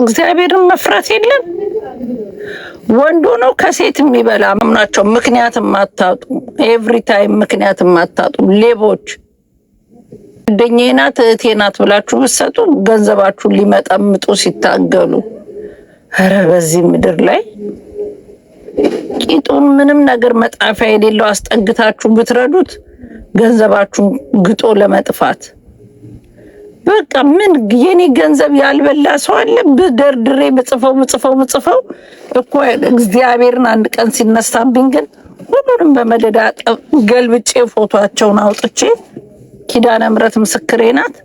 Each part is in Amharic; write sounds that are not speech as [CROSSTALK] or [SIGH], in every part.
እግዚአብሔርን መፍራት የለም። ወንድ ነው ከሴት የሚበላ ምናቸው ምክንያት የማታጡ ኤቭሪ ታይም ምክንያት የማታጡ ሌቦች ጓደኛዬ ናት እህቴ ናት ብላችሁ ብትሰጡ ገንዘባችሁን ሊመጠምጡ ሲታገሉ፣ ኧረ በዚህ ምድር ላይ ቂጡን ምንም ነገር መጣፊያ የሌለው አስጠግታችሁ ብትረዱት ገንዘባችሁን ግጦ ለመጥፋት በቃ ምን የኔ ገንዘብ ያልበላ ሰው አለ? ብደርድሬ ምጽፈው ምጽፈው ምጽፈው እኮ እግዚአብሔርን አንድ ቀን ሲነሳብኝ ግን ሁሉንም በመደዳ ገልብጬ ፎቶቸውን አውጥቼ ኪዳነ ምሕረት ምስክሬ ናት።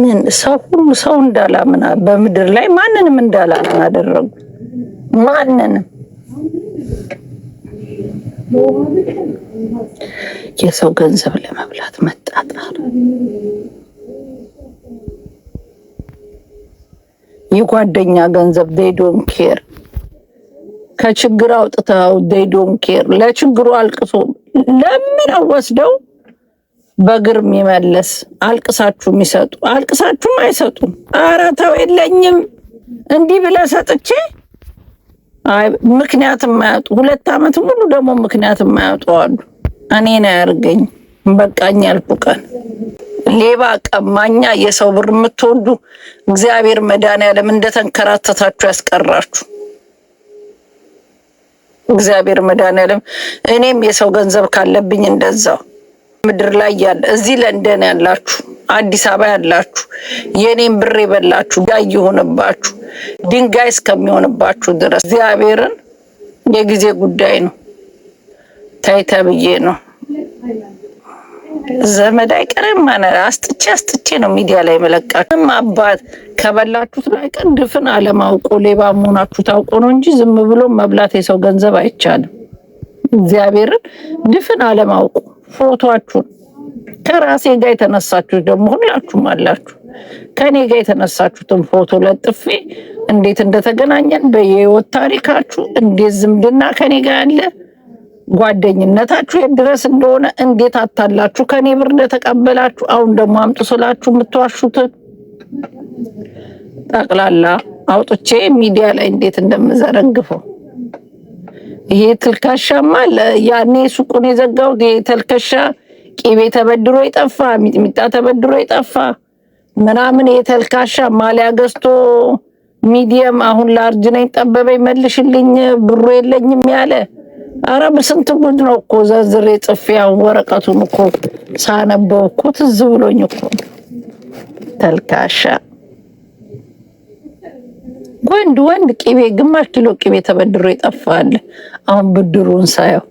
ምን ሰው ሁሉ ሰው እንዳላምና በምድር ላይ ማንንም እንዳላምን አደረጉ። ማንንም የሰው ገንዘብ ለመብላት መጣጣር የጓደኛ ገንዘብ ዴይ ዶን ኬር ከችግር አውጥተው ዴይ ዶን ኬር ለችግሩ አልቅሶ ለምን ወስደው በግር የሚመለስ አልቅሳችሁ የሚሰጡ አልቅሳችሁም አይሰጡም። ኧረ ተው የለኝም እንዲህ ብለ ሰጥቼ አይ ምክንያት የማያጡ ሁለት አመት ሙሉ ደግሞ ምክንያት የማያጡ አሉ። እኔን አያርገኝ በቃኝ ያልኩ ቀን ሌባ፣ ቀማኛ፣ የሰው ብር የምትወዱ እግዚአብሔር መድኃኒዓለም እንደተንከራተታችሁ ያስቀራችሁ። እግዚአብሔር መድኃኒዓለም እኔም የሰው ገንዘብ ካለብኝ እንደዛው ምድር ላይ ያለ እዚህ ለንደን ያላችሁ አዲስ አበባ ያላችሁ የኔም ብር የበላችሁ ጋይ የሆነባችሁ ድንጋይ እስከሚሆንባችሁ ድረስ እግዚአብሔርን የጊዜ ጉዳይ ነው። ታይታ ብዬ ነው። ዘመድ አይቀርም አስጥቼ አስጥቼ ነው ሚዲያ ላይ መለቃችሁ። አባት ከበላችሁት አይቀር ድፍን አለማውቆ ሌባ መሆናችሁ ታውቆ ነው እንጂ ዝም ብሎ መብላት የሰው ገንዘብ አይቻልም። እግዚአብሔርን ድፍን አለማውቁ ፎቶችሁን ከራሴ ጋር የተነሳችሁ ደግሞ ሁላችሁም አላችሁ። ከኔ ጋር የተነሳችሁትን ፎቶ ለጥፌ እንዴት እንደተገናኘን በየህይወት ታሪካችሁ እንዴት ዝምድና ከኔ ጋር ያለ ጓደኝነታችሁ የት ድረስ እንደሆነ እንዴት አታላችሁ ከኔ ብር እንደተቀበላችሁ አሁን ደግሞ አምጡ ስላችሁ የምትዋሹትን ጠቅላላ አውጥቼ ሚዲያ ላይ እንዴት እንደምዘረግፈው ይሄ ትልካሻማ ያኔ ሱቁን የዘጋሁት ይሄ ተልከሻ ቂቤ ተበድሮ ይጠፋ፣ ሚጥሚጣ ተበድሮ ይጠፋ ምናምን የተልካሻ ማሊያ ገዝቶ ሚዲየም አሁን ላርጅ ነኝ ጠበበኝ መልሽልኝ ብሩ የለኝም ያለ አረ በስንት ጉድ ነው እኮ ዘርዝሬ ጽፌ ወረቀቱን እኮ ሳነበው እኮ ትዝ ብሎኝ እኮ ተልካሻ ወንድ ወንድ ቂቤ ግማሽ ኪሎ ቂቤ ተበድሮ ይጠፋል። አሁን ብድሩን ሳየው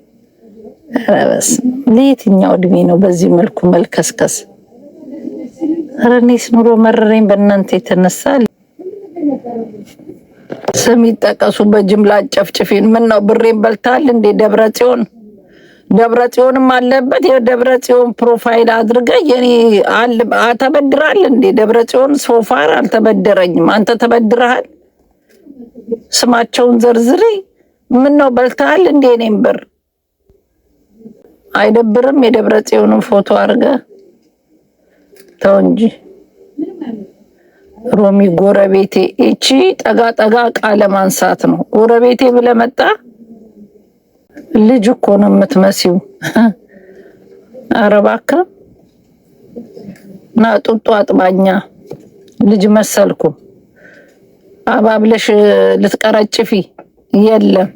ኧረ በስመ አብ ለየትኛው እድሜ ነው በዚህ መልኩ መልከስከስ? ኧረ እኔስ ኑሮ መረረኝ በእናንተ የተነሳ ስም ይጠቀሱ በጅምላ ጨፍጭፊን። ምን ነው ብሬን በልታል እንዴ? ደብረ ጽዮን ደብረ ጽዮንም አለበት። የደብረ ጽዮን ፕሮፋይል አድርገ የኔ ተበድራል እንዴ? ደብረ ጽዮን ሶፋር አልተበደረኝም። አንተ ተበድረሃል። ስማቸውን ዘርዝሪ። ምን ነው በልታል እንዴ? እኔም ብር አይደብርም። የደብረ ጽዮንን ፎቶ አድርገ ተው እንጂ ሮሚ ጎረቤቴ፣ እቺ ጠጋ ጠጋ እቃ ለማንሳት ነው። ጎረቤቴ ብለህ መጣ። ልጅ እኮ ነው የምትመሲው። ኧረ እባክህ ና ጡጦ አጥባኛ። ልጅ መሰልኩ። አባብለሽ ልትቀረጭፊ የለም።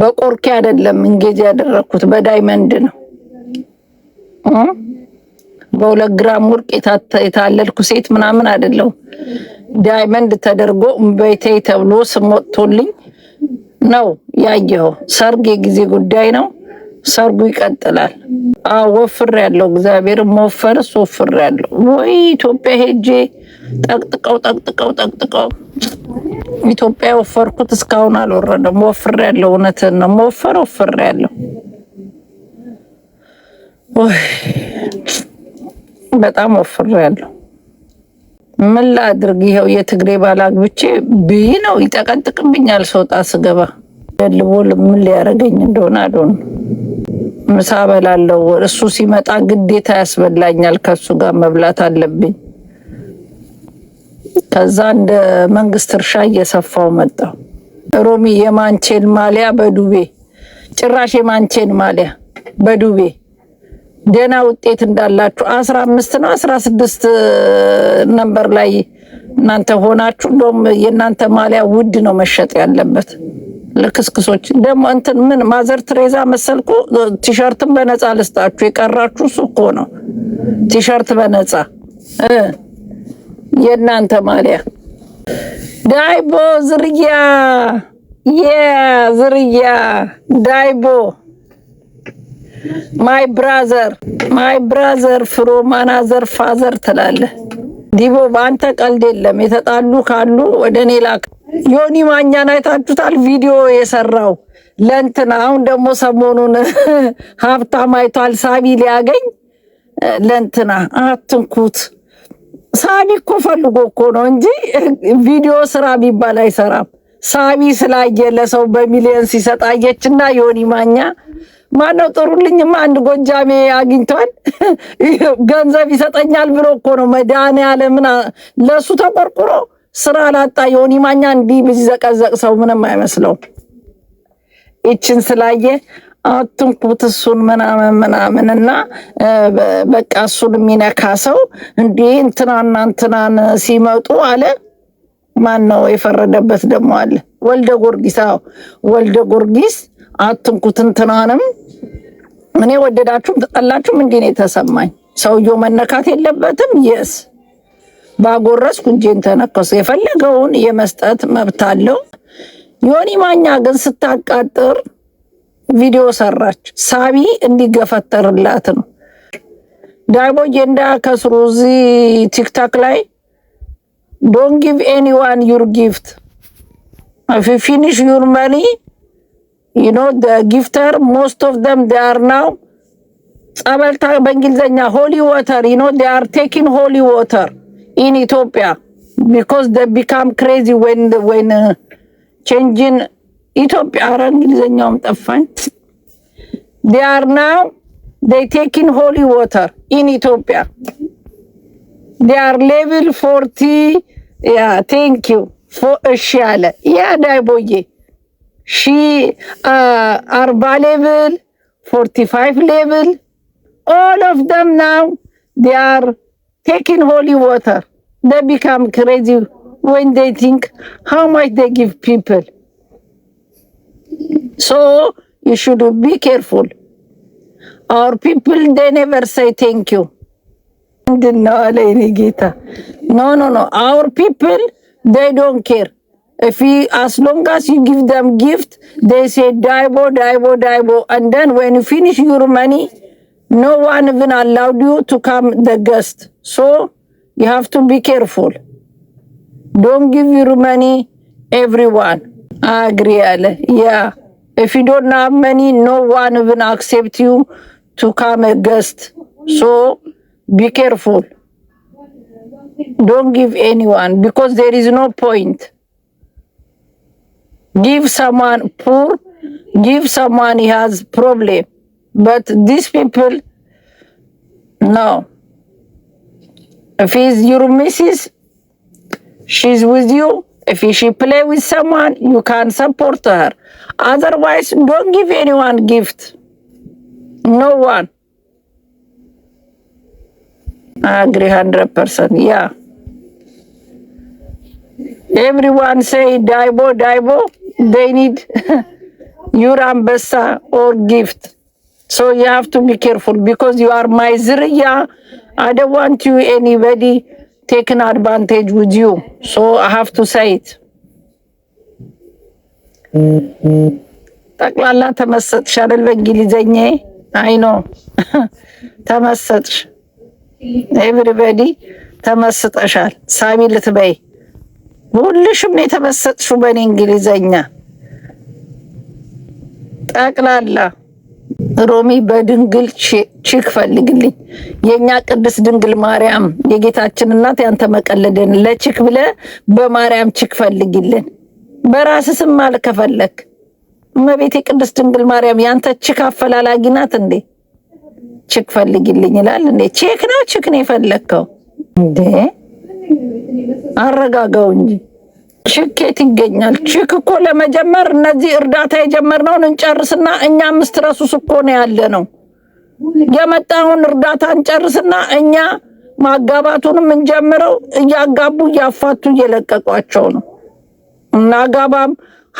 በቆርኪ አይደለም እንጌጅ ያደረኩት በዳይመንድ ነው። በሁለት ግራም ወርቅ የታለልኩ ሴት ምናምን አይደለሁም። ዳይመንድ ተደርጎ ቤቴ ተብሎ ስም ወጥቶልኝ ነው ያየኸው። ሰርግ የጊዜ ጉዳይ ነው። ሰርጉ ይቀጥላል። ወፍር ያለው እግዚአብሔር መወፈርስ ወፍር ያለው ወይ ኢትዮጵያ ሄጄ ጠቅጥቀው ጠቅጥቀው ጠቅጥቀው ኢትዮጵያ የወፈርኩት እስካሁን አልወረደም። ወፍር ያለው እውነት ነው መወፈር ወፍር ያለው በጣም ወፍር ያለው ምን ላድርግ? ይኸው የትግሬ ባል አግብቼ ብይ ነው ይጠቀጥቅብኛል። ሰውጣ ስገባ ደልቦ ምን ሊያደርገኝ እንደሆነ አዶን ምሳ በላለው። እሱ ሲመጣ ግዴታ ያስበላኛል። ከሱ ጋር መብላት አለብኝ። ከዛ እንደ መንግስት እርሻ እየሰፋው መጣው። ሮሚ የማንቼን ማሊያ በዱቤ ጭራሽ የማንቼን ማሊያ በዱቤ ደህና ውጤት እንዳላችሁ አስራ አምስት ነው አስራ ስድስት ነንበር ላይ እናንተ ሆናችሁ እንደውም የእናንተ ማሊያ ውድ ነው መሸጥ ያለበት። ልክስክሶች ደግሞ እንትን ምን ማዘር ትሬዛ መሰልኩ ቲሸርትን በነፃ ልስጣችሁ። የቀራችሁ እሱ እኮ ነው። ቲሸርት በነፃ የእናንተ ማሊያ ዳይቦ ዝርያ የዝርያ ዳይቦ ማይ ብራዘር ማይ ብራዘር ፍሮ ማናዘር ፋዘር ትላለ። ዲቦ በአንተ ቀልድ የለም። የተጣሉ ካሉ ወደ እኔ ላክ። ዮኒ ማኛን አይታችሁታል? ቪዲዮ የሰራው ለእንትና አሁን ደግሞ ሰሞኑን [LAUGHS] ሀብታም አይቷል። ሳቢ ሊያገኝ ለእንትና አትንኩት። ሳቢ እኮ ፈልጎ እኮ ነው እንጂ ቪዲዮ ስራ ቢባል አይሰራም። ሳቢ ስላየ ለሰው በሚሊየን ሲሰጣየች እና ዮኒ ማኛ ማነው ጥሩልኝማ አንድ ጎጃሜ አግኝቷል [LAUGHS] ገንዘብ ይሰጠኛል ብሎ እኮ ነው መድኃኒዓለምን ለእሱ ተቆርቁሮ ስራ ላጣ ዮኒ ማኛ እንዲህ ቢዘቀዘቅ ሰው ምንም አይመስለው። ይችን ስላየ አትንኩት እሱን ምናምን ምናምን እና በቃ እሱን የሚነካ ሰው እንዲህ እንትናና እንትናን ሲመጡ አለ ማን ነው የፈረደበት ደግሞ አለ ወልደ ጊዮርጊስ። ወልደ ጊዮርጊስ አትንኩት እንትናንም እኔ ወደዳችሁም ተጠላችሁም እንዲህ ነው የተሰማኝ። ሰውየው መነካት የለበትም። የስ ባጎረስኩ እንጄን ተነከሱ። የፈለገውን የመስጠት መብት አለው። ዮኒ ማኛ ግን ስታቃጥር ቪዲዮ ሰራች። ሳቢ እንዲገፈተርላት ነው። ጀንዳ ከስሩ እዚህ ቲክታክ ላይ ዶንት ጊቭ ኤኒዋን ዩር ጊፍት ፊኒሽ ዩር መኒ ዩ ኖ ጊፍተር ሞስት ኦፍ ደም ዴ አር ናው ጸበልታ በእንግሊዝኛ ሆሊ ወተር ዩ ኖ ዴ አር ቴኪን ሆሊ ወተር ኢን ኢትዮጵያ ቢኮዝ ደ ቢካም ክሬዚ ወን ወን ቼንጅን ኢትዮጵያ። አረ እንግሊዝኛውም ጠፋኝ። ዴ አር ናው ዴ ቴኪን ሆሊ ወተር ኢን ኢትዮጵያ ዴ አር ሌቭል ፎርቲ ያ ቴንክ ዩ እሺ አለ ያ ዳይቦዬ she uh, arba level 45 level all of them now they are taking holy water they become crazy when they think how much they give people so you should be careful our people they never say thank you no no no our people they don't care if he, as long as you give them gift, they say dibo, dibo, dibo, and then when you finish your money, no one even allowed you to come the guest. So you have to be careful. Don't give your money everyone. I agree, Ale. Yeah. If you don't have money, no one even accept you to come a guest. So be careful. Don't give anyone because there is no point give someone poor, give someone he has problem. But these people, no. If he's your missus, she's with you. If she play with someone, you can support her. Otherwise, don't give anyone gift. No one. I agree 100%. Yeah. Everyone say, Daibo, Daibo. they need your ambassa or gift so you have to be careful because you are my ዝርያ I don't want you anybody taken advantage with you so I have to say it ጠቅላላ ተመሰጥሽ አይደል በእንግሊዘኛ አይ ኖ ተመሰጥሽ ኤቭሪባዲ ተመስጠሻል ሳቢ ልትበይ በሁልሽም ነው የተመሰጥሽው በእኔ እንግሊዘኛ ጠቅላላ። ሮሚ በድንግል ቺክ ፈልግልኝ። የእኛ ቅድስት ድንግል ማርያም የጌታችን እናት ያንተ መቀለደን ለቺክ ብለ በማርያም ቺክ ፈልግልን። በራስ ስም አልከፈለክ እመቤቴ ቅድስት ድንግል ማርያም ያንተ ቺክ አፈላላጊ ናት እንዴ? ቺክ ፈልግልኝ ይላል እንዴ? ቼክ ነው ቺክ ነው የፈለግከው እንዴ? አረጋጋው እንጂ ቼክ የት ይገኛል? ቼክ እኮ ለመጀመር እነዚህ እርዳታ የጀመርነውን እንጨርስና እኛ አምስት ረሱስ እኮ ነው ያለ ነው የመጣውን እርዳታ እንጨርስና እኛ ማጋባቱንም እንጀምረው። እያጋቡ እያፋቱ እየለቀቋቸው ነው። እናጋባም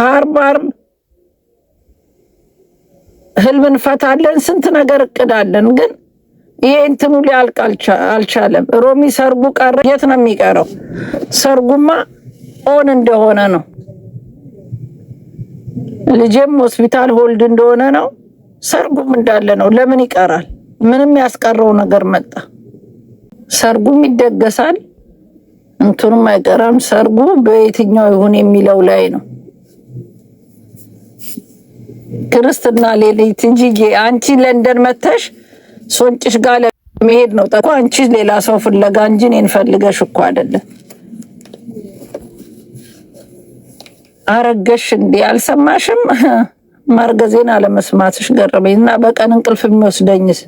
ሀርባር ህልም እንፈታለን፣ ስንት ነገር እቅዳለን ግን ይሄ እንትኑ ሊያልቅ አልቻለም። ሮሚ ሰርጉ ቀረ። የት ነው የሚቀረው? ሰርጉማ ኦን እንደሆነ ነው። ልጄም ሆስፒታል ሆልድ እንደሆነ ነው። ሰርጉም እንዳለ ነው። ለምን ይቀራል? ምንም ያስቀረው ነገር መጣ። ሰርጉም ይደገሳል፣ እንትኑም አይቀራም። ሰርጉ በየትኛው ይሁን የሚለው ላይ ነው። ክርስትና ሌሊት እንጂ አንቺ ለንደን መተሽ ሶንጭሽ ጋር ለመሄድ ነው። ጠቁ አንቺ ሌላ ሰው ፍለጋ እንጂ እኔን ፈልገሽ እኮ አይደለም። አረገሽ እንዴ አልሰማሽም? ማርገዜን [LAUGHS] አለመስማትሽ ገረመኝ። እና በቀን እንቅልፍ የሚወስደኝስ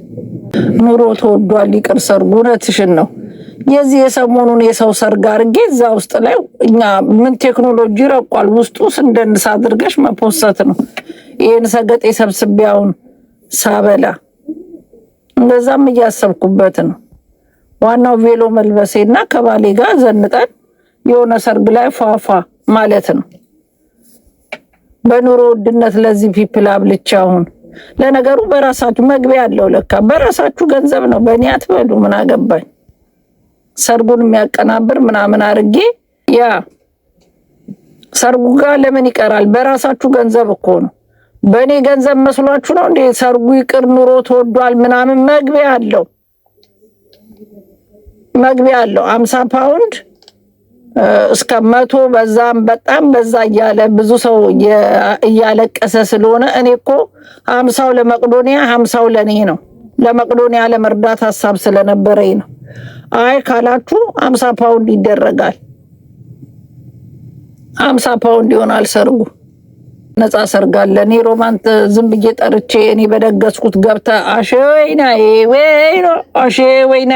ኑሮ ተወዷል። ይቅር ሰርጉ እውነትሽን ነው። የዚህ የሰሞኑን የሰው ሰርግ አድርጌ እዛ ውስጥ ላይ እኛ ምን ቴክኖሎጂ ረቋል። ውስጡ ስንደንስ አድርገሽ መፖሰት ነው። ይህን ሰገጤ ሰብስቢያውን ሳበላ እንደዛም እያሰብኩበት ነው። ዋናው ቬሎ መልበሴና ከባሌ ጋር ዘንጠን የሆነ ሰርግ ላይ ፏፏ ማለት ነው። በኑሮ ውድነት ለዚህ ፒፕል አብልቻ አሁን ለነገሩ በራሳችሁ መግቢያ አለው ለካ በራሳችሁ ገንዘብ ነው። በእኔ አትበሉ። ምን አገባኝ? ሰርጉን የሚያቀናብር ምናምን አርጌ ያ ሰርጉ ጋር ለምን ይቀራል? በራሳችሁ ገንዘብ እኮ ነው። በእኔ ገንዘብ መስሏችሁ ነው እንዴ? ሰርጉ ይቅር ኑሮ ተወዷል ምናምን መግቢያ አለው መግቢያ አለው አምሳ ፓውንድ እስከ መቶ በዛም በጣም በዛ እያለ ብዙ ሰው እያለቀሰ ስለሆነ እኔ እኮ ሀምሳው ለመቅዶኒያ ሀምሳው ለእኔ ነው። ለመቅዶኒያ ለመርዳት ሀሳብ ስለነበረኝ ነው። አይ ካላችሁ አምሳ ፓውንድ ይደረጋል። አምሳ ፓውንድ ይሆናል ሰርጉ። ነፃ ሰርጋለ እኔ ሮማንት ዝም ብዬ ጠርቼ እኔ በደገስኩት ገብተ አሸ ወይና ወይ አሸ ወይና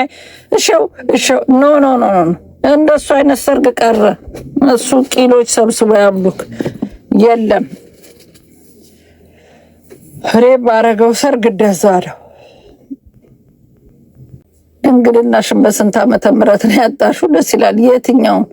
እሸው እሸው ኖ ኖ ኖ ኖ እንደሱ አይነት ሰርግ ቀረ። እሱ ቂሎች ሰብስበ ያምሉክ የለም። ፍሬ ባረገው ሰርግ ደዛ አለው። እንግድናሽን በስንት ዓመተ ምህረት ነው ያጣሹ? ደስ ይላል። የትኛውን